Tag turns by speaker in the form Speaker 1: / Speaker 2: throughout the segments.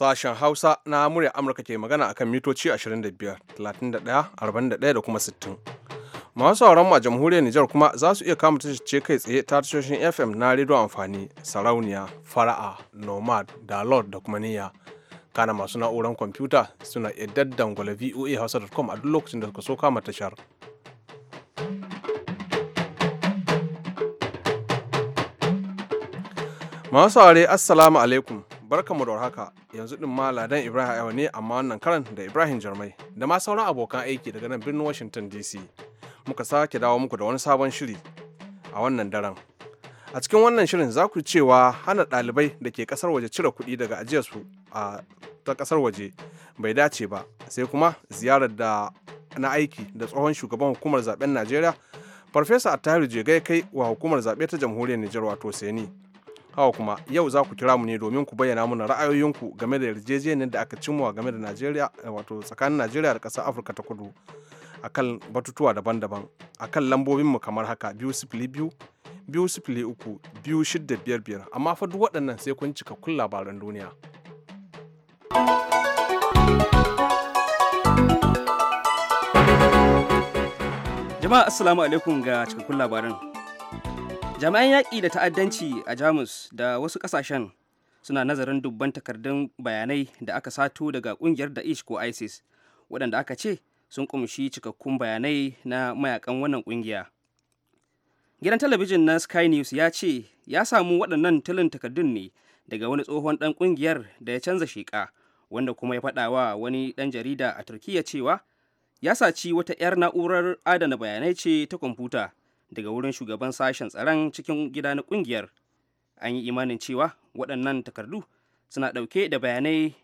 Speaker 1: Sashen Hausa na murya Amurka ke magana akan mitoci 25, 31, 41 da kuma 60. Masu sauran a jamhuriyar Nijar kuma za su iya kama tashoce kai tsaye ta tashoshin FM na rido amfani, sarauniya, fara'a, nomad, download da kuma niyya. Kana masu na'uran kwamfuta suna iya daddangwala voa hausa.com a duk lokacin da suka so kama tashar. Masu saurare Assalamu alaikum. barkanmu da haka yanzu din ma Ladan Ibrahim ayawa ne amma wannan karan da Ibrahim Jarmai da ma sauran abokan aiki daga nan birnin Washington DC. Muka sake dawo muku da wani sabon shiri a wannan daren. A cikin wannan shirin za ku cewa hana ɗalibai da ke kasar waje cire kuɗi daga ajiyarsu a ta kasar waje bai dace ba sai kuma ziyarar da na aiki da tsohon shugaban hukumar zaben Najeriya Farfesa Attahiru Jega kai wa hukumar zaɓe ta jamhuriyar Nijar wato Seni. hawa kuma yau za ku kira mu ne domin ku bayyana mana ra'ayoyinku game da yarjejeniyar da aka cimma game da Najeriya eh, wato tsakanin Najeriya da ƙasar Afirka ta Kudu akan batutuwa daban-daban akan lambobin mu kamar haka biyu sifili biyu biyu sifili uku biyu shidda biyar biyar amma fa duk waɗannan sai kun cika kun
Speaker 2: labaran duniya. Jama'a Assalamu alaikum ga cikakkun labaran. jami'an yaƙi da ta'addanci a jamus da wasu ƙasashen suna nazarin dubban takardun bayanai da aka sato daga ƙungiyar daish ko isis waɗanda aka ce sun kumshi cikakkun bayanai na mayakan wannan ƙungiya gidan talabijin na sky news ya ce ya samu waɗannan tilin takardun ne daga wani tsohon ɗan ƙungiyar da ya canza sheƙa wanda kuma ya faɗa wa wani ɗan jarida a turkiya cewa ya saci wata 'yar na'urar adana bayanai ce ta kwamfuta daga wurin shugaban sashen tsaron cikin gida na kungiyar an yi imanin cewa waɗannan takardu suna ɗauke da bayanai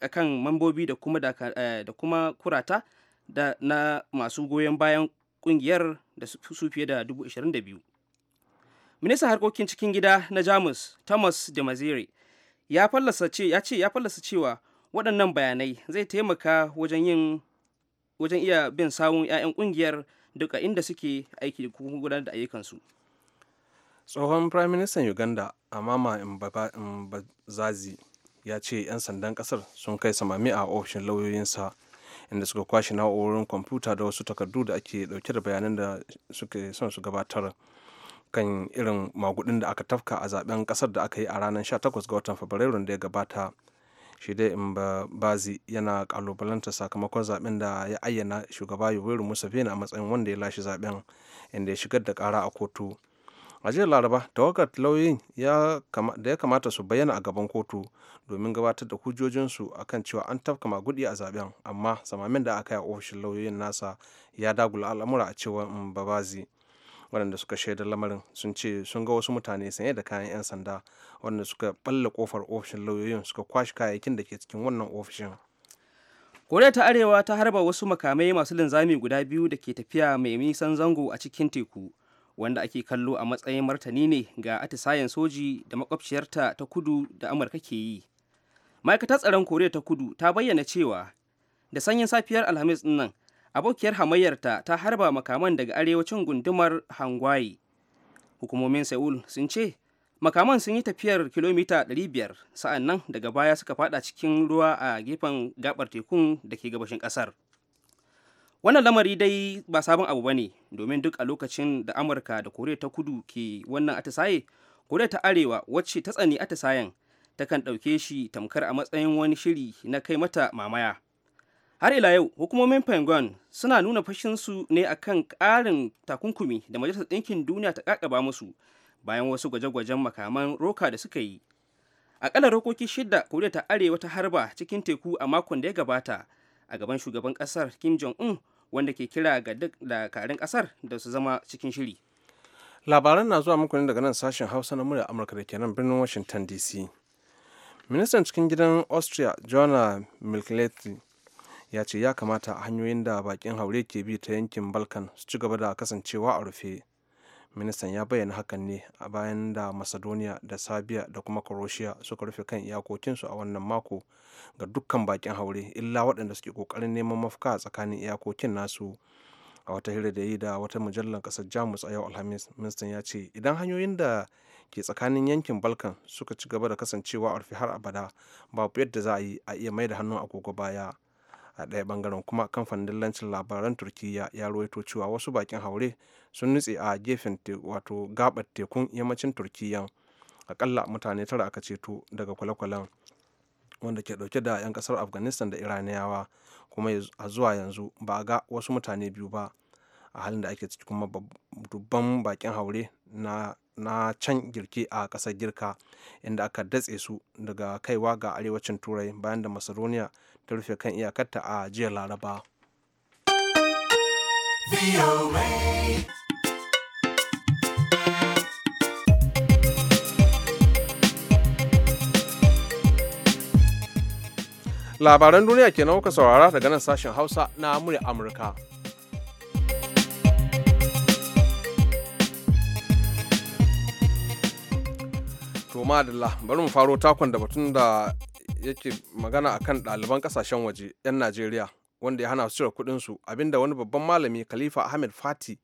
Speaker 2: akan mambobi da kuma, eh, da kuma kurata da na masu goyon bayan kungiyar da su fiye da 22 ministan harkokin cikin gida na jamus thomas de maziri ya fallasa ce ya ce ya fallasa cewa waɗannan bayanai zai taimaka wajen yin wajen iya bin sawun 'ya'yan kungiyar duk a inda suke aiki da kuma gudanar da ayyukansu
Speaker 1: tsohon prime minister uganda amama mbazazi ya ce 'yan sandan kasar sun kai samami a ofishin lauyoyinsa inda suka kwashe na'urorin kwamfuta da wasu takardu da ake dauke da bayanan da suke son su gabatar kan irin magudin da aka tafka a zaben kasar da aka yi a ranar 18 ga watan fabrairun da ya gabata shi dai bazi yana kalubalanta sakamakon zaben da ya ayyana shugaba yoweri musafina a matsayin wanda ya lashe zaben inda ya shigar da kara a kotu a jiya laraba tawagar lauyin da ya kamata su bayyana a gaban kotu domin gabatar da hujjojinsu akan cewa an tafka magudi a zaben amma samamin da aka yi a ofishin lauyoyin nasa ya dagula al'amura a cewa mbabazi waɗanda suka shaida lamarin sun ce sun ga wasu mutane sanye da kayan 'yan sanda waɗanda suka balla kofar ofishin
Speaker 2: lauyoyin suka kwashe kayayyakin da ke cikin wannan ofishin koriya ta arewa ta harba wasu makamai masu linzami guda biyu da ke tafiya mai nisan zango a cikin teku wanda ake kallo a matsayin martani ne ga atisayen soji da makwabciyarta ta kudu da amurka ke yi ma'aikatar tsaron koriya ta kudu ta bayyana cewa da sanyin safiyar alhamis nan abokiyar hamayyarta ta harba makaman daga arewacin gundumar hangwaye hukumomin seoul sun ce makaman sun yi tafiyar kilomita 500 sa'an nan daga baya suka fada cikin ruwa a gefen gabar tekun da ke gabashin kasar wannan lamari dai ba sabon abu ba ne domin duk a lokacin da amurka da koriya ta kudu ke wannan atisaye koriya ta arewa wacce ta tsani atisayen takan ɗauke shi tamkar a matsayin wani shiri na kai mata mamaya har ila yau hukumomin penguin suna nuna fashinsu ne akan karin takunkumi da majalisar ɗinkin duniya ta ƙaƙaba musu bayan wasu gwaje-gwajen makaman roka da suka yi akalla rokoki shida koriya ta arewa ta harba cikin teku a makon da ya gabata a gaban shugaban kasar kim jong-un wanda ke kira ga duk dakarun kasar da su zama cikin shiri
Speaker 1: labaran na zuwa muku ne daga nan sashen hausa na murya amurka da ke nan birnin washington dc ministan cikin gidan austria jona milkletti ya ce ya kamata hanyoyin da bakin haure ke bi ta yankin balkan su ci gaba da kasancewa a rufe ministan ya bayyana hakan ne a bayan da macedonia da serbia da kuma croatia suka rufe kan iyakokinsu a wannan mako ga dukkan bakin haure illa waɗanda suke kokarin neman mafaka a tsakanin iyakokin nasu a wata hira da yi da wata mujallar ƙasar jamus a yau alhamis ministan ya ce idan hanyoyin da ke tsakanin yankin balkan suka ci gaba da kasancewa a rufe har abada babu yadda za a yi a iya mai da hannun agogo baya a ɗaya bangaren kuma kamfanin dillancin labaran turkiyya ya ruwaito cewa wasu bakin haure sun nutse a gefen wato gabar tekun yammacin turkiyya akalla mutane tara aka ceto daga kwale-kwalen wanda ke dauke da 'yan kasar afghanistan da iraniyawa kuma a zuwa yanzu ba a ga wasu mutane biyu ba a halin da ake ciki kuma dubban bakin haure na na can girki a ƙasar girka inda aka datse su daga kaiwa ga arewacin turai bayan da macedonia ta rufe kan iyakarta a jiya laraba labaran duniya kenan kuka saurara daga nan sashen hausa na murya amurka to madalla bari mu faro takon da batun da yake magana akan ɗaliban kasashen waje 'yan najeriya wanda ya hana su cire kuɗinsu abinda wani babban malami khalifa ahmed fati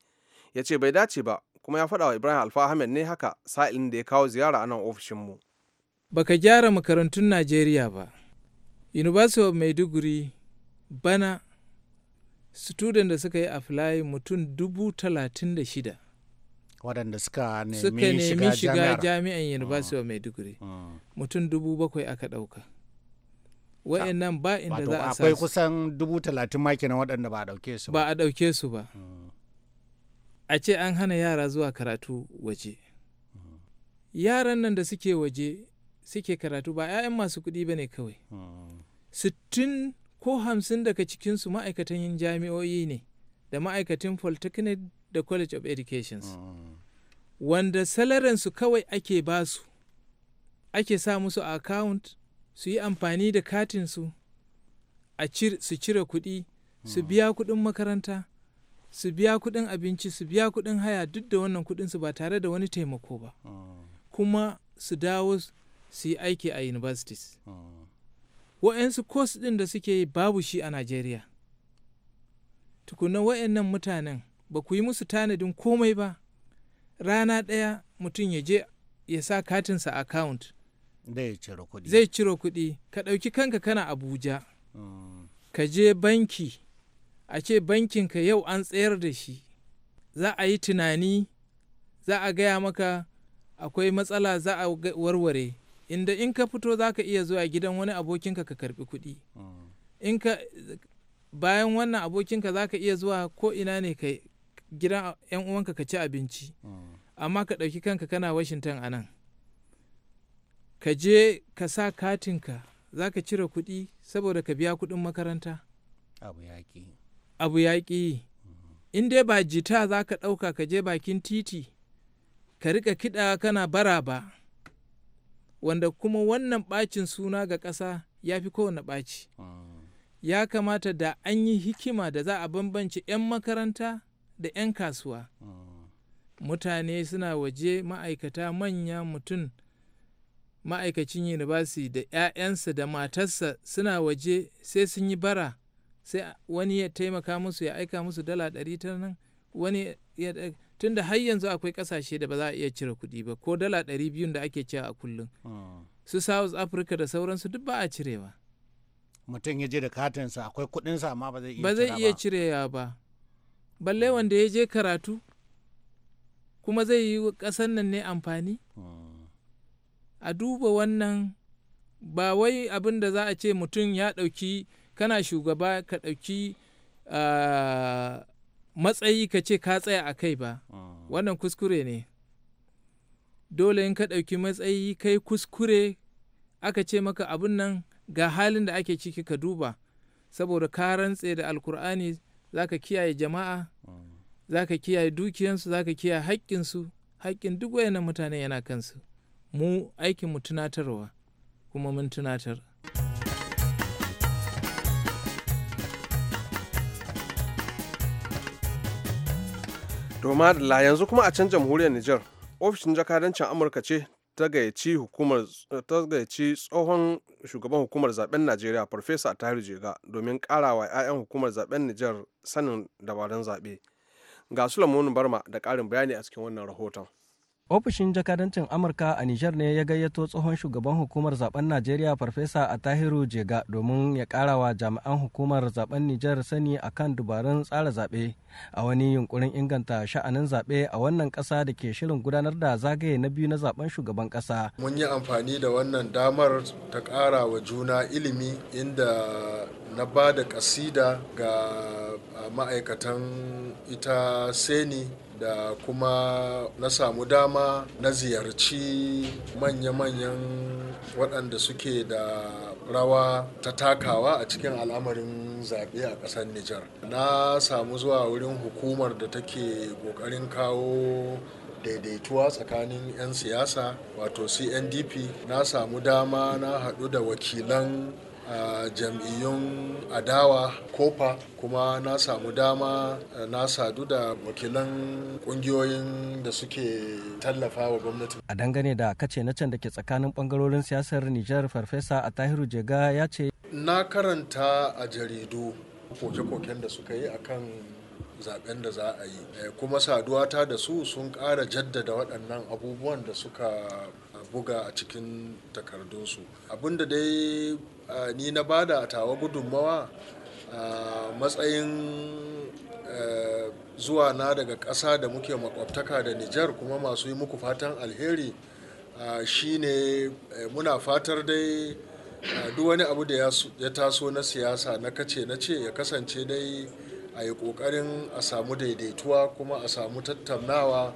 Speaker 1: ya ce bai dace ba kuma ya faɗa wa ibrahim alfa ahmed ne haka sa'ilin da ya kawo ziyara a nan ofishinmu
Speaker 3: baka gyara makarantun najeriya ba university of maiduguri bana student da suka yi apply mutum dubu talatin da shida waɗanda suka nemi shiga jami'an ah. university of maiduguri ah. mutum dubu bakwai aka ɗauka nan ba inda za a sa akwai kusan dubu talatin ma kenan waɗanda ba a ɗauke su ba a ɗauke su ba ah. a ce an hana yara zuwa karatu waje yaran nan da suke waje suke karatu ba 'ya'yan masu kuɗi ba ne kawai sittin ko hamsin daga cikinsu ma'aikatan jami'o'i ne da ma'aikatan polytechnic da college of education mm, mm, mm. wanda salaransu kawai ake basu ake sa musu a account su yi amfani da katinsu su cire kuɗi su biya kuɗin makaranta su biya kuɗin abinci su biya kuɗin haya duk da wannan kuɗinsu ba tare da wani taimako ba kuma su dawo su yi aiki a universities wa'yansu course ɗin da suke yi babu shi a Najeriya. tukuna nan mutanen ba ku yi musu tanadin komai ba rana ɗaya mutum ya je ya sa katinsa account zai ciro kuɗi ka ɗauki kanka kana abuja hmm. ka je banki a ce bankinka yau an tsayar da shi za a yi tunani za a gaya maka akwai matsala za a warware inda in ka fito za ka iya zuwa gidan wani abokinka ka karbi kuɗi hmm. bayan wannan abokinka za ka iya zuwa ko ina ne gidan yan uwanka ka ci abinci mm. amma ka ɗauki kanka kana washington a nan ka je ka sa katinka za ka cire kuɗi saboda ka biya kuɗin makaranta abu yaƙi mm. in dai ba jita za ka ɗauka ka je bakin titi ka riƙa kiɗa kana bara ba wanda kuma wannan ɓacin suna ga ƙasa ya fi kowane ɓaci mm. ya kamata da an yi hikima da za a bambance 'yan makaranta da 'yan kasuwa mutane suna waje ma'aikata manya mutum ma'aikacin yunibasi da 'ya'yansa da matarsa suna waje sai sun yi bara sai wani ya taimaka musu ya aika musu dala ɗari ta nan wani ya tun da har yanzu akwai ƙasashe da ba za a iya cire kuɗi ba ko dala ɗari biyun da ake cewa a kullum su south africa da sauransu duk ba a cirewa mutum ya je da katinsa akwai kuɗinsa amma ba zai iya ba zai iya cirewa ba balle wanda ya je karatu kuma zai yi ƙasan nan ne amfani a duba wannan ba wai abin da za a ce mutum ya ɗauki kana shugaba ka ɗauki matsayi ka ce ka tsaya a kai ba wannan kuskure ne dole in ka ɗauki matsayi kai kuskure aka ce maka abin nan ga halin da ake ciki ka duba saboda ka rantse da alkur'ani za ka kiyaye jama'a mm. za ka kiyaye dukiyansu za ka kiyaye haƙƙinsu haƙƙin duk wayannan mutane yana kansu mu aikin mu tunatarwa kuma mun tunatar
Speaker 1: la yanzu kuma a can jamhuriyar Nijar ofishin jakadancin amurka ce ta gayyaci eh, tsohon shugaban hukumar zaben najeriya farfesa tahir jega domin karawa 'ya'yan hukumar zaben nijar sanin dabarun zaɓe ga sulamun barma da ƙarin bayani a cikin wannan rahoton
Speaker 4: Ofishin jakadancin Amurka a Nijar ne ya gayyato tsohon shugaban hukumar zaben Najeriya Farfesa a Tahiru Jega domin ya karawa jami'an hukumar zaben Nijar sani a kan dubarun tsara zaɓe a wani yunkurin inganta sha'anin zaɓe a wannan ƙasa da ke shirin gudanar da zagaye na biyu na zaben shugaban ƙasa.
Speaker 5: Mun yi amfani da wannan damar ta ƙara wa juna ilimi inda na ba da ƙasida ga ma'aikatan ita seni da kuma na samu dama na ziyarci manya-manyan waɗanda suke da rawa ta takawa a cikin al'amarin zaɓe a ƙasar Nijar. Na samu zuwa wurin hukumar da take ƙoƙarin kawo daidaituwa tsakanin 'yan siyasa wato CNDP na samu dama na haɗu da wakilan a jam'iyyun adawa kofa kuma na samu dama eh, na sadu da wakilan kungiyoyin da suke tallafa wa gwamnati
Speaker 4: a dangane da kace na can da ke tsakanin bangarorin siyasar nijar farfesa a tahiru jega ya ce
Speaker 5: na karanta a jaridu koke-koken da suka yi akan zaben da za a yi eh, kuma saduwata da su sun ƙara jaddada waɗannan abubuwan da suka buga a cikin takardunsu abinda dai ni na bada a tawa gudunmawa a matsayin zuwa na daga ƙasa da muke makwabtaka da nijar kuma masu yi muku fatan alheri shine muna fatar dai duk wani abu da ya taso na siyasa na kace na ce ya kasance dai a yi ƙoƙarin a samu daidaituwa kuma a samu tattaunawa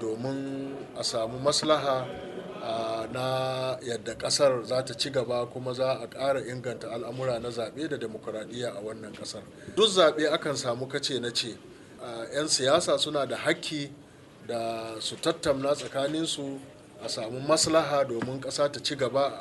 Speaker 5: domin a samu maslaha na yadda kasar za ta ci gaba kuma za a ƙara inganta al'amura na zaɓe da demokuraɗiyya a wannan ƙasar duk zaɓe akan samu kace na ce 'yan siyasa suna da haƙƙi da su tattauna tsakaninsu a samu maslaha domin ƙasa ta ci gaba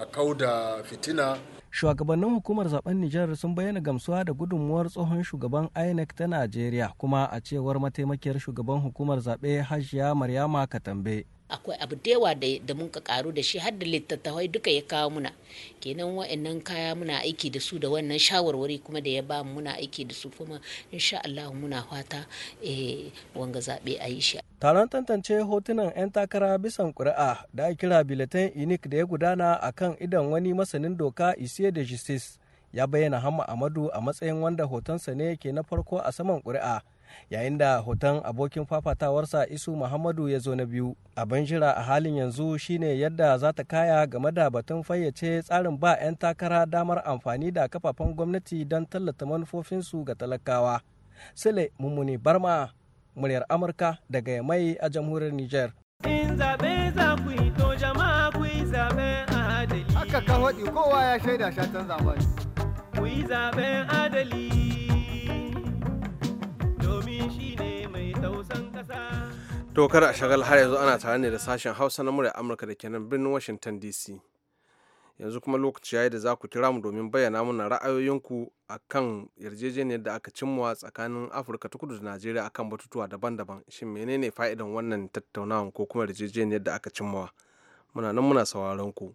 Speaker 5: a kauda fitina
Speaker 4: shugabannin hukumar zaben Nijar sun bayyana gamsuwa da gudunmuwar tsohon shugaban INEC ta Najeriya kuma a cewar mataimakiyar shugaban hukumar zaɓe Hajiya Maryama Katambe
Speaker 2: akwai abu da yawa da mun karu da shi har da littattafai duka ya kawo muna kenan wa'annan kaya muna aiki da su da wannan shawarwari kuma da ya ba muna aiki da su kuma insha Allah muna fata eh, wanga zaɓe a yi shi.
Speaker 4: Taron tantance hotunan 'yan takara bisan ƙuri'a da kira biletin inik da ya gudana a kan idan wani masanin doka isiye da justice ya bayyana hamma amadu a matsayin wanda hotonsa ne ke na farko a saman kuri'a. yayin da hoton abokin fafatawarsa isu muhammadu ya zo na biyu abin jira a halin yanzu shine yadda za ta kaya game da batun fayyace tsarin ba 'yan takara damar amfani da kafafen gwamnati don tallata manufofinsu ga talakawa sile mummuni barma muryar amurka daga mai a jamhuriyar niger
Speaker 2: ya shaida shatan zamani zaben adali
Speaker 1: Dokar a shagal har yanzu ana tare ne da sashen hausa na murya amurka da kenan birnin washington dc yanzu kuma lokaci ya yi da za ku kira mu domin bayyana mana ra'ayoyinku kan yarjejeniyar da aka cimma tsakanin afirka ta kudu da najeriya akan batutuwa daban-daban shin menene fa'idan wannan tattaunawan ko kuma yarjejeniyar da aka cimma muna nan muna sauraron ku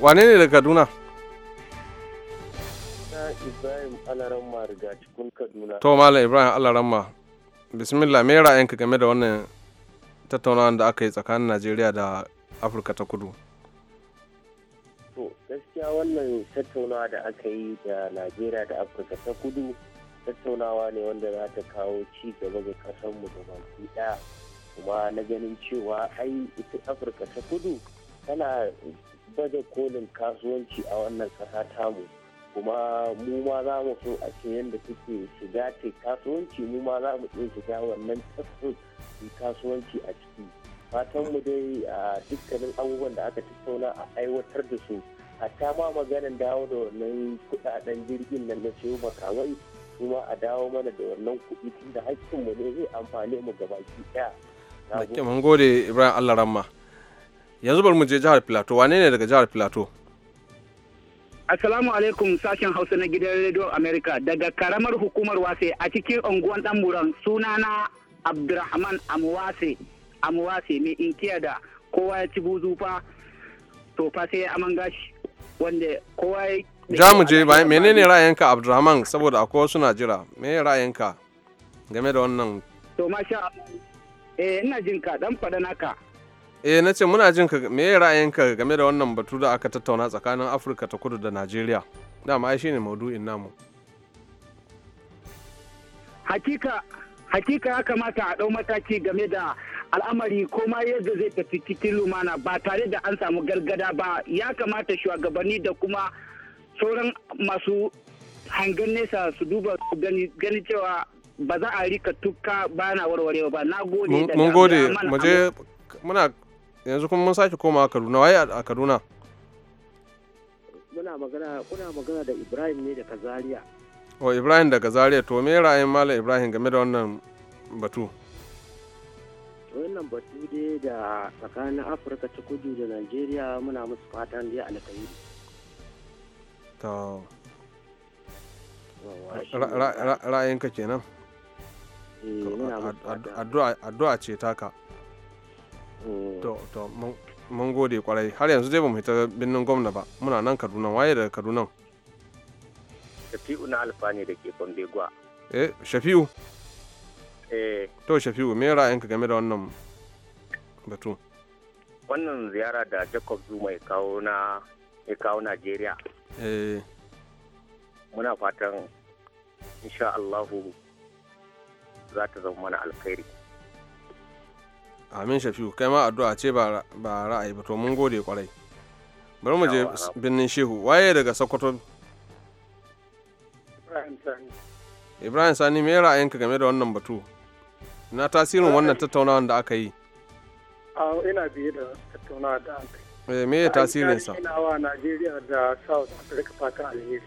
Speaker 1: wane ne daga kaduna
Speaker 6: ibrahim alaramma cikin kaduna to malam
Speaker 1: ibrahim alaramma bismillah me ra'ayinka game da wannan tattaunawa da aka yi tsakanin najeriya da afirka ta kudu
Speaker 6: to gaskiya wannan tattaunawa da aka yi da najeriya da afirka ta kudu tattaunawa ne wanda za ta kawo ci gaba ga kasanmu da baki daya kuma na ganin cewa ai ita afirka ta kudu tana baje kolin kasuwanci a wannan ƙasa tamu kuma mu ma za mu so a ce yadda suke shiga ce kasuwanci mu ma za mu iya shiga wannan tasirin kasuwanci a ciki fatan mu dai a dukkanin abubuwan da aka tattauna a aiwatar da su hatta ma maganin dawo da wannan kudaden jirgin nan na ciwo makamai kuma a dawo mana da wannan kuɗi tun da mu ne zai amfani mu gabaki ɗaya.
Speaker 1: Mun gode Ibrahim Allah Ramma. yanzu bari mu je jihar Filato wane ne daga jihar Filato
Speaker 7: Assalamu alaikum sashen Hausa na gidan Radio America daga karamar hukumar Wase a cikin unguwan Danburan sunana Abdulrahman Amwase Amwase mai inkiya da kowa ya ci buzu fa to fa sai aman gashi wanda kowa ya
Speaker 1: ja mu je bayan menene ra'ayinka Abdulrahman saboda akwai wasu na jira me ra'ayinka game da wannan
Speaker 7: to masha eh ina jin ka dan faɗa naka
Speaker 1: eh na ce muna jin ka me ra'ayinka game da wannan batu da aka tattauna tsakanin afirka ta kudu da najeriya dama ai shine maudu'in namu
Speaker 7: hakika hakika ya kamata a ɗau mataki game da al'amari ko ma yadda zai tafi cikin lumana ba tare da an samu gargada ba ya kamata shugabanni da kuma sauran masu hangen nesa su duba su gani cewa ba za a rika tuka bana warwarewa ba na gode da mun gode
Speaker 1: muna yanzu kuma mun sake komawa kaduna waye a kaduna
Speaker 6: muna magana kuna magana da ibrahim ne daga zaria
Speaker 1: o ibrahim daga zaria to me ra'ayin malam ibrahim game da wannan batu
Speaker 6: wannan batu dai da tsakanin afirka ta kudu da najeriya muna musu fatan dai alkhairi
Speaker 1: to ra'ayinka kenan eh, addu'a ce taka
Speaker 6: Mm. to to
Speaker 1: mun gode kwarai har yanzu dai ba mu hita birnin gwamna ba muna nan kaduna waye daga kaduna
Speaker 6: shafi'u na alfa ne da ke kwambegwa
Speaker 1: eh shafi'u eh to shafi'u me ra'ayinka game da wannan batu
Speaker 6: wannan ziyara da jacob zuma ya kawo na ya kawo najeriya eh muna fatan insha Allahu za ta zama mana alkhairi
Speaker 1: amin shafiu kai ma addu'a ce ba ra'ayi ba to mun gode kwarai bari mu je birnin shehu waye daga sokoto ibrahim sani me ra'ayinka game da wannan batu na tasirin wannan eh. tattaunawa da aka yi
Speaker 6: ina biye da tattaunawa da aka
Speaker 1: yi eh, me ya sa ina
Speaker 6: wa najeriya da south africa fatan alheri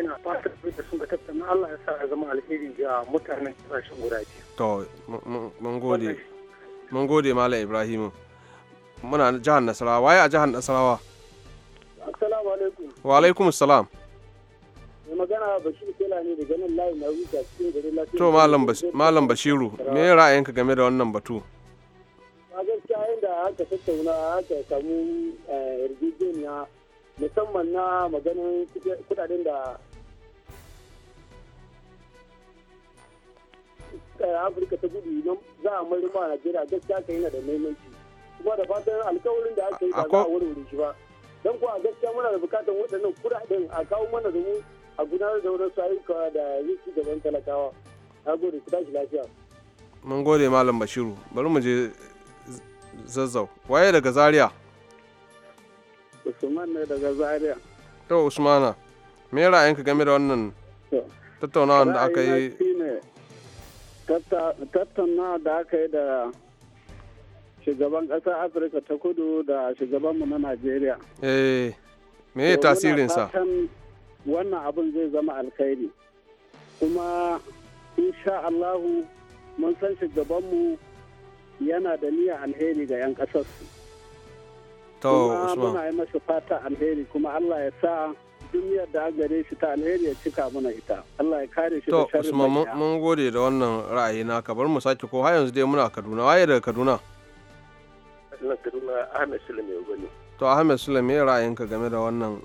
Speaker 6: ina fatan da sun tattaunawa Allah ya sa a zama alheri ga mutanen kasashen guda biyu.
Speaker 1: To, mun gode. mun gode malam ibrahimu muna jihar nasarawa waye a jihar nasarawa
Speaker 6: assalamu alaikum
Speaker 1: wa alaikum salam
Speaker 6: mai magana bashir tela ne daga nan layi na ruka cikin garin lafiya to malam
Speaker 1: bashiru me ra'ayinka game da wannan batu
Speaker 6: a gaskiya yadda aka tattauna aka samu eh, yarjejeniya musamman na maganin kudaden da afirka ta gudu nan za a mai a najeriya gaskiya ka yana da muhimmanci kuma da fatan alkawarin da aka yi ba za a warware shi ba don kuwa gaskiya muna da bukatar waɗannan kuɗaɗen a kawo mana da mu a gudanar da wadansu ayyuka da zai ci gaban talakawa na gode ku tashi lafiya
Speaker 1: mun gode malam bashiru bari mu je zazzau waye daga zaria
Speaker 6: usman ne daga zaria
Speaker 1: to usmana me ra'ayinka game da wannan tattaunawa da aka yi
Speaker 6: tattauna da aka yi da shugaban ƙasar afirka ta kudu da shugabanmu na najeriya
Speaker 1: eh me ya tasirinsa
Speaker 6: wannan abin zai zama alkhairi kuma insha allahu mun san shugabanmu yana da niyyar alheri ga 'yan ƙasarsu
Speaker 1: kuma muna
Speaker 6: yi masa fata alheri kuma allah ya sa duniyar da gare shi ta alheri ya cika mana ita Allah ya kare shi da sharri to Usman
Speaker 1: mun gode da wannan ra'ayi naka bar mu sake ko har yanzu dai muna Kaduna waye daga Kaduna
Speaker 6: Allah Kaduna Ahmed Sulaiman ya gani
Speaker 1: to Ahmed Sulaiman ya ra'ayinka game da wannan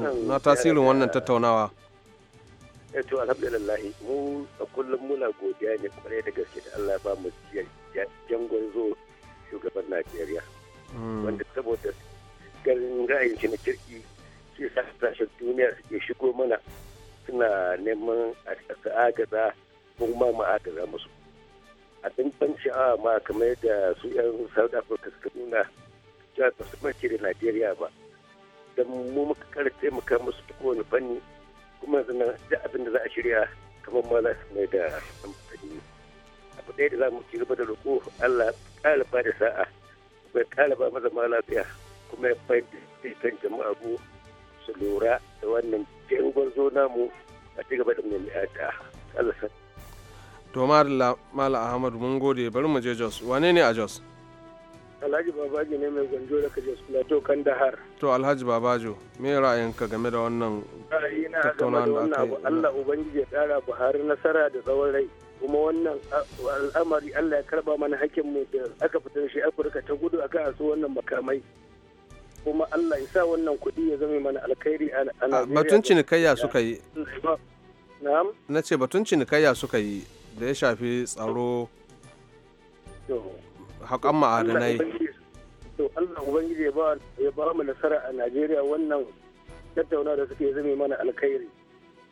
Speaker 1: eh, na tasirin wannan tattaunawa
Speaker 6: eh, to alhamdulillah mu a kullum muna godiya ne kwarai da gaske da Allah ya ba mu jangon zo shugaban Najeriya hmm. wanda saboda ganin ra'ayin shi na kirki shi sa kasashen duniya suke shigo mana suna neman a agaza kuma mu agaza musu abin ban sha'awa ma kamar da su 'yan south africa suka nuna cewa ba su mace da najeriya ba don mu muka taimaka musu ta kowane fanni kuma zan da abin da za a shirya kamar ma za su mai da amfani abu ɗaya da za mu ci gaba da roƙo allah ƙara ba da sa'a bai ƙara maza lafiya kuma ya faifaitan jama'a mu su lura da wannan jangon zo namu a ci gaba da maimaita Allah sa.
Speaker 1: To Mala Ahmad mun gode bari mu je Jos wane ne a Jos?
Speaker 6: Alhaji Babaji ne mai gwanjo daga Jos Plateau Kandahar.
Speaker 1: To Alhaji Babajo me ra'ayinka game da wannan
Speaker 6: tattaunawa da aka yi? Allah Ubangiji ya tsara Buhari nasara da tsawon rai. kuma wannan al'amari Allah ya karba mana hakkin mu da aka fitar shi Afirka ta gudu akan asu wannan makamai kuma Allah ya sa wannan kuɗi ya zama mana alkhairi a ah, Najeriya. Batun cinikayya suka yi. Na'am.
Speaker 1: Na ce batun cinikayya suka yi da ya shafi tsaro haƙan ma'adanai.
Speaker 6: To Allah Ubangiji ya ba mu nasara a Najeriya wannan tattauna da suke zama mana alkhairi.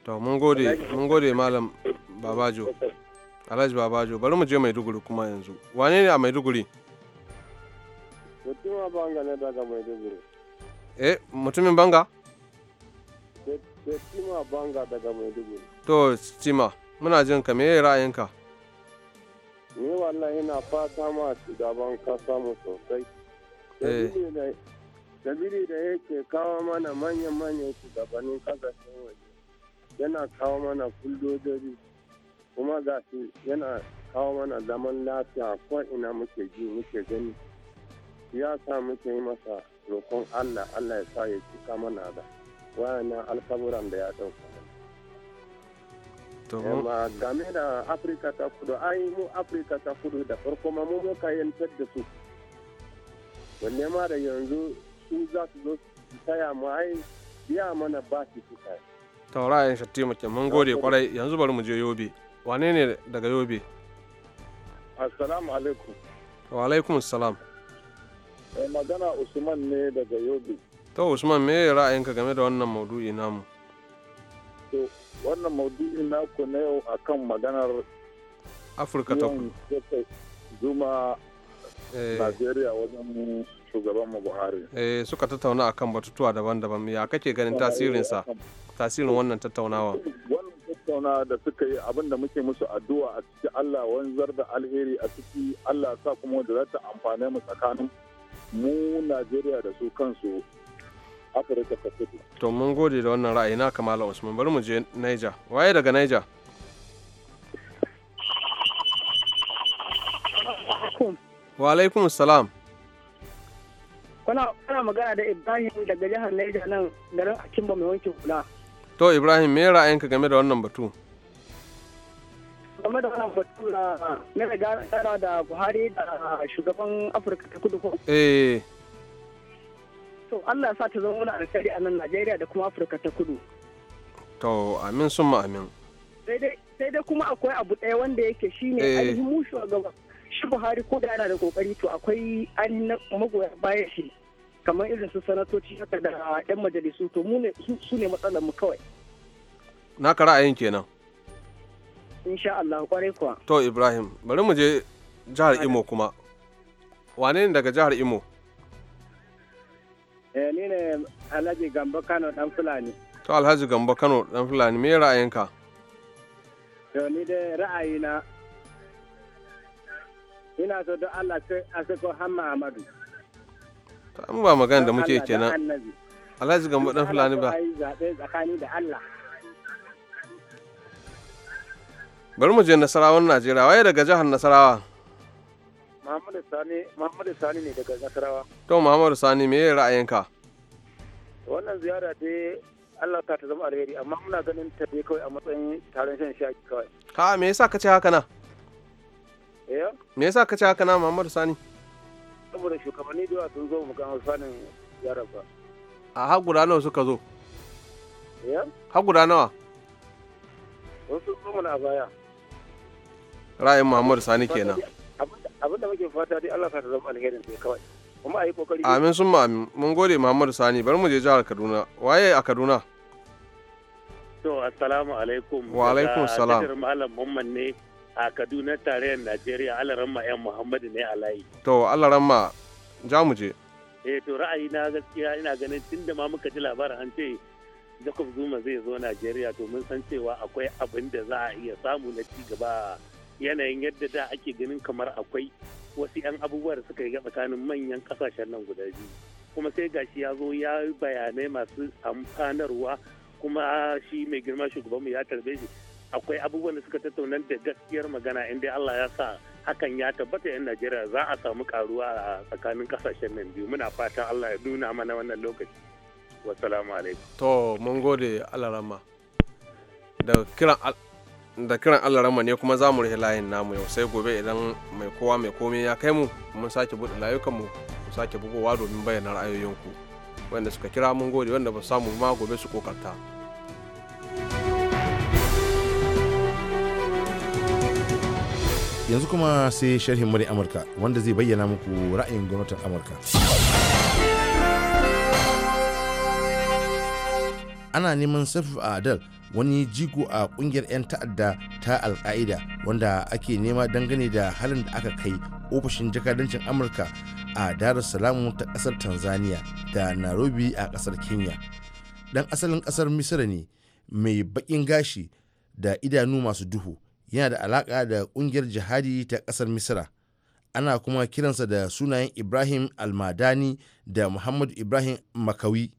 Speaker 1: To mun gode, mun gode malam Babajo. Alhaji Babajo, bari mu je Maiduguri kuma yanzu. Wane ne a Maiduguri?
Speaker 6: Mutumin banga ne daga Maiduguri.
Speaker 1: Eh, mutumin banga?
Speaker 6: Stima banga daga Maiduguri.
Speaker 1: To, Stima, muna jin ka meye ra'ayinka?
Speaker 6: Ni wallahi ina fata ma shugaban kasa mu sosai.
Speaker 3: Eh.
Speaker 6: dabiri da yake kawo mana manyan-manyan shugabannin kasashen waje. Yana kawo mana kullodori kuma ga yana kawo mana zaman lafiya ko ina muke ji muke gani. ya sa muke yi masa roƙon Allah Allah ya sa ya cika mana da wayannan alkaburan da ya ɗauka amma eh, game da afirka ta kudu ai mu afirka ta kudu da farko ma mu muka yantar da su wanne ma da yanzu su za su zo su taya mu ai biya mana ba su suka
Speaker 1: taurayin Shatti muke mun gode kwarai yanzu bari mu je yobe wane ne daga yobe
Speaker 6: assalamu alaikum
Speaker 1: wa alaikum assalam
Speaker 6: magana usman ne daga yobe
Speaker 1: to usman me ra'ayinka game da wannan maudu'i namu
Speaker 6: to wannan maudu'i ku na yau akan maganar afirka ta zuma eh. nigeria wajen shugaban mu buhari
Speaker 1: eh suka tattauna akan batutuwa daban-daban ya kake ganin tasirinsa tasirin wannan tattaunawa
Speaker 6: wannan tattaunawa da suka yi abin da muke musu addu'a a ciki allah wanzar da alheri a ciki allah sa kuma da za ta amfane mu tsakanin mu najeriya da su kansu afirka ta kudu
Speaker 1: to mun gode da wannan ra'ayi na kamala usman bari mu je niger waye daga niger wa alaikum salam
Speaker 7: kuna kana magana da ibrahim daga jihar niger nan garin akimba mai wanke kula?
Speaker 1: to ibrahim me ra'ayinka game da wannan batu
Speaker 7: game da wannan batu na gara da buhari da shugaban afirka ta kudu ko eh to allah sa ta zama wani alkhairi a nan najeriya da kuma afirka ta kudu
Speaker 1: to amin sun amin
Speaker 7: sai dai kuma akwai abu ɗaya wanda yake shine eh. ainihin mu shugaban shi buhari ko da yana da kokari to akwai ainihin magoya baya shi kamar irin su sanatoci haka da yan majalisu to mu ne su ne matsalar mu kawai
Speaker 1: na naka ra'ayin kenan
Speaker 7: insha Allah kwarai kuwa
Speaker 1: to Ibrahim bari mu je jihar Imo kuma wane ne daga jihar Imo
Speaker 6: eh ni ne Alhaji Gambo Kano dan Fulani
Speaker 1: to Alhaji Gambo Kano dan Fulani me ra'ayinka
Speaker 6: to ni da ra'ayina ina so don Allah a sako Hamma Ahmadu
Speaker 1: ta ba magana da muke kenan Alhaji Gambo dan Fulani ba ai
Speaker 7: zabe tsakani da Allah
Speaker 1: bari mu je nasarawan najeriya waye daga jihar nasarawa
Speaker 6: muhammadu sani muhammadu sani ne daga nasarawa
Speaker 1: to muhammadu sani me ya ra'ayinka
Speaker 6: wannan ziyara dai Allah ka ta zama alheri amma muna ganin ta dai kawai a matsayin taron shan shaki kawai
Speaker 1: ha me yasa ka ce haka na eh me yasa ka ce haka na muhammadu sani
Speaker 6: saboda shugabanni da sun zo mu ga alfanin ziyara ba
Speaker 1: a ha guda nawa suka zo eh ha guda nawa
Speaker 6: wasu zo mana a baya
Speaker 1: ra'ayin Muhammadu Sani kenan
Speaker 6: abin da muke fata dai Allah ta zama alherin sai kawai kuma ayi kokari amin
Speaker 1: sun ma amin mun gode Muhammadu Sani bari mu je jihar Kaduna waye a Kaduna
Speaker 6: to assalamu alaikum wa alaikum salam malam Muhammad ne a Kaduna tarayyar Najeriya Allah ramma ƴan Muhammadu ne a layi
Speaker 1: to Allah ramma ja mu je
Speaker 6: eh to ra'ayi na gaskiya ina ganin tunda ma muka ji labarin an ce Jacob Zuma zai zo Najeriya to mun san cewa akwai abin da za a iya samu na ci gaba yanayin yadda da ake ganin kamar akwai wasu 'yan abubuwa da suka yi tsakanin manyan kasashen nan guda biyu kuma sai gashi ya zo ya yi bayanai masu amfanarwa kuma shi mai girma shugabanmu ya tarbe shi akwai abubuwan da suka tattauna da gaskiyar magana inda Allah ya sa hakan ya tabbata yan Najeriya za a samu karuwa a tsakanin kasashen nan biyu muna fatan Allah ya nuna mana wannan lokaci wassalamu alaikum
Speaker 1: to mun gode Allah rama da kiran da kiran Allah rama ne kuma za mu rufe layin namu yau sai gobe idan mai kowa mai komai ya kai mu mun sake buɗe layukanmu mu sake bugowa domin bayyana ra'ayoyinku wanda suka kira mun gode wanda ba samu ma gobe su kokarta.
Speaker 8: yanzu kuma sai sharhin murya amurka wanda zai bayyana muku ra'ayin gwamnatin amurka ana neman safi a adal wani jigo a kungiyar 'yan ta'adda ta alka'ida wanda ake nema dangane da halin da aka kai ofishin jakadancin amurka a darar salamu ta kasar tanzania da nairobi a kasar kenya dan asalin kasar misira ne mai bakin gashi da idanu masu duhu yana da alaka da kungiyar jihadi ta kasar misira ana kuma kiransa da sunayen ibrahim almadani da Muhammadu ibrahim makawi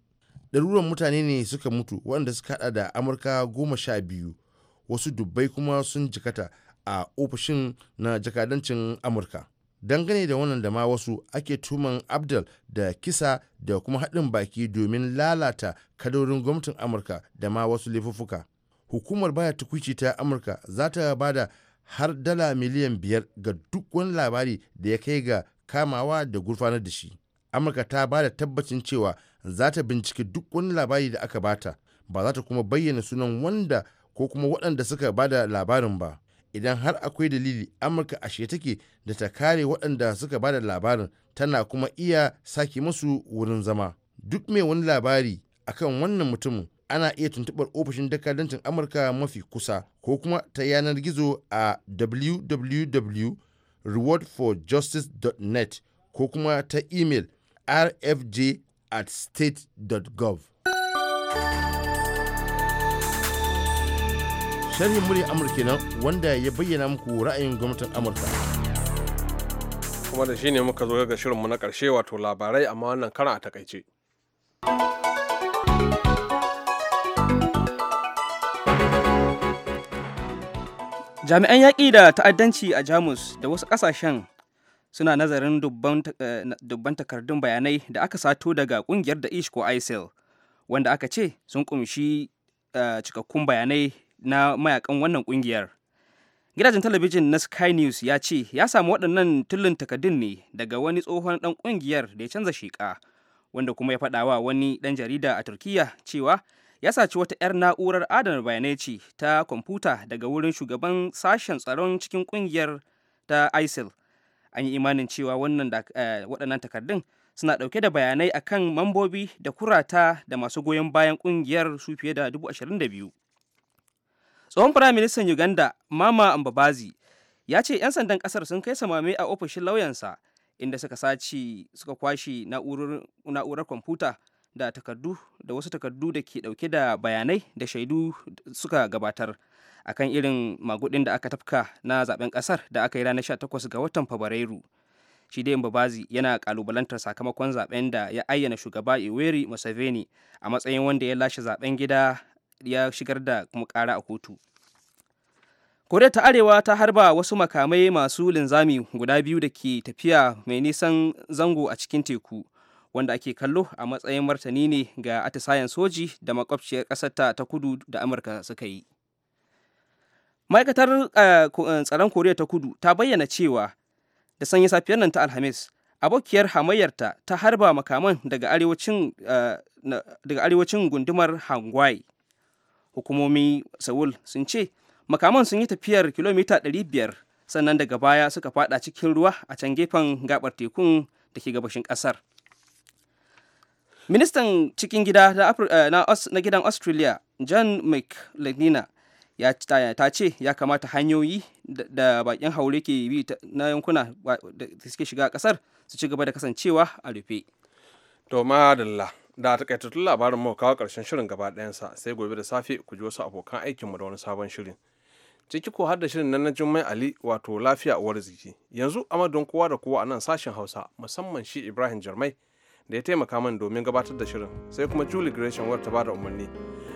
Speaker 8: ɗaruruwan mutane ne suka mutu waɗanda suka haɗa da amurka goma sha biyu wasu dubbai kuma sun jikata a ofishin na jakadancin amurka dangane da wannan da ma wasu ake tuman abdul da kisa da kuma haɗin baki domin lalata kadorin gwamnatin amurka da ma wasu laifuffuka hukumar baya tukuci ta amurka za ta ba da har dala miliyan biyar ga duk wani labari da ya kai ga kamawa da gurfanar da shi amurka ta ba da tabbacin cewa za ta binciki duk wani labari da aka bata ba za ta kuma bayyana sunan wanda ko kuma waɗanda suka ba da labarin ba idan har akwai dalili amurka ashe take da ta kare waɗanda suka ba da labarin tana kuma iya sake musu wurin zama duk mai wani labari akan wannan mutumin ana iya tuntuɓar ofishin dakadancin amurka mafi kusa ko kuma ta yanar gizo a www.rewardforjustice.net ko kuma ta imel rfj at gov. Sharhin murya Amurka nan wanda ya bayyana muku ra'ayin gwamnatin Amurka.
Speaker 1: Kuma da shi ne muka zo ga shirinmu na ƙarshe wato labarai amma wannan karan a takaice.
Speaker 2: Jami'an yaƙi da ta'addanci a Jamus da wasu ƙasashen suna nazarin eh, dubban takardun bayanai da aka sato daga kungiyar da ish ko isil wanda aka ce sun kumshi eh, cikakkun bayanai na mayakan wannan kungiyar gidajen talabijin na sky news ya ce ya samu waɗannan tullun takardun ne daga wani tsohon ɗan kungiyar da ya canza shiƙa wanda kuma ya faɗawa wani ɗan jarida a turkiya cewa ya saci wata 'yar na'urar adana bayanai ce ta kwamfuta daga wurin shugaban sashen tsaron cikin kungiyar ta isil an yi imanin cewa eh, waɗannan takardun suna ɗauke da bayanai akan mambobi da kurata da masu goyon bayan ƙungiyar su fiye da dubu ashirin da biyu. tsohon firaministan uganda mama ambabazi ya ce 'yan sandan ƙasar sun kai samame a ofishin lauyansa inda suka sace suka kwashe na'urar kwamfuta da takardu da wasu takardu da ke ɗauke da bayanai da shaidu suka gabatar akan irin magudin da aka tafka na zaben kasar da aka yi ranar 18 ga watan fabrairu shi dai babazi yana kalubalantar sakamakon zaben da ya ayyana shugaba iweri museveni a matsayin wanda ya lashe zaben gida ya shigar da kuma kara a kotu koriya ta arewa ta harba wasu makamai masu linzami guda biyu da ke tafiya mai nisan zango a cikin teku wanda ake kallo a matsayin martani ne ga atisayen soji da makwabciyar ƙasar ta kudu da amurka suka yi ma'aikatar eh, eh, tsaron koriya ta kudu ta bayyana cewa da sanya safiyar nan ta alhamis abokiyar hamayyarta ta harba makaman daga arewacin eh, gundumar hangwai hukumomi seoul sun ce makaman sun yi tafiyar kilomita 500 sannan daga baya suka fada cikin ruwa a can gefen gabar tekun da ke gabashin kasar ministan cikin gida na gidan australia john mclenina ta ce ya kamata hanyoyi da bakin haure ke bi na yankuna da suke shiga kasar su ci gaba da kasancewa a rufe
Speaker 1: to madalla da takaitattun labarin mu kawo karshen shirin gaba ɗayansa sai gobe da safe ku ji wasu abokan aikinmu da wani sabon shirin ciki ko har da shirin nan na jummai ali wato lafiya uwar ziki yanzu amadon kowa da kowa a nan sashen hausa musamman shi ibrahim jarmai da ya taimaka min domin gabatar da shirin sai kuma julie gresham wadda ta da umarni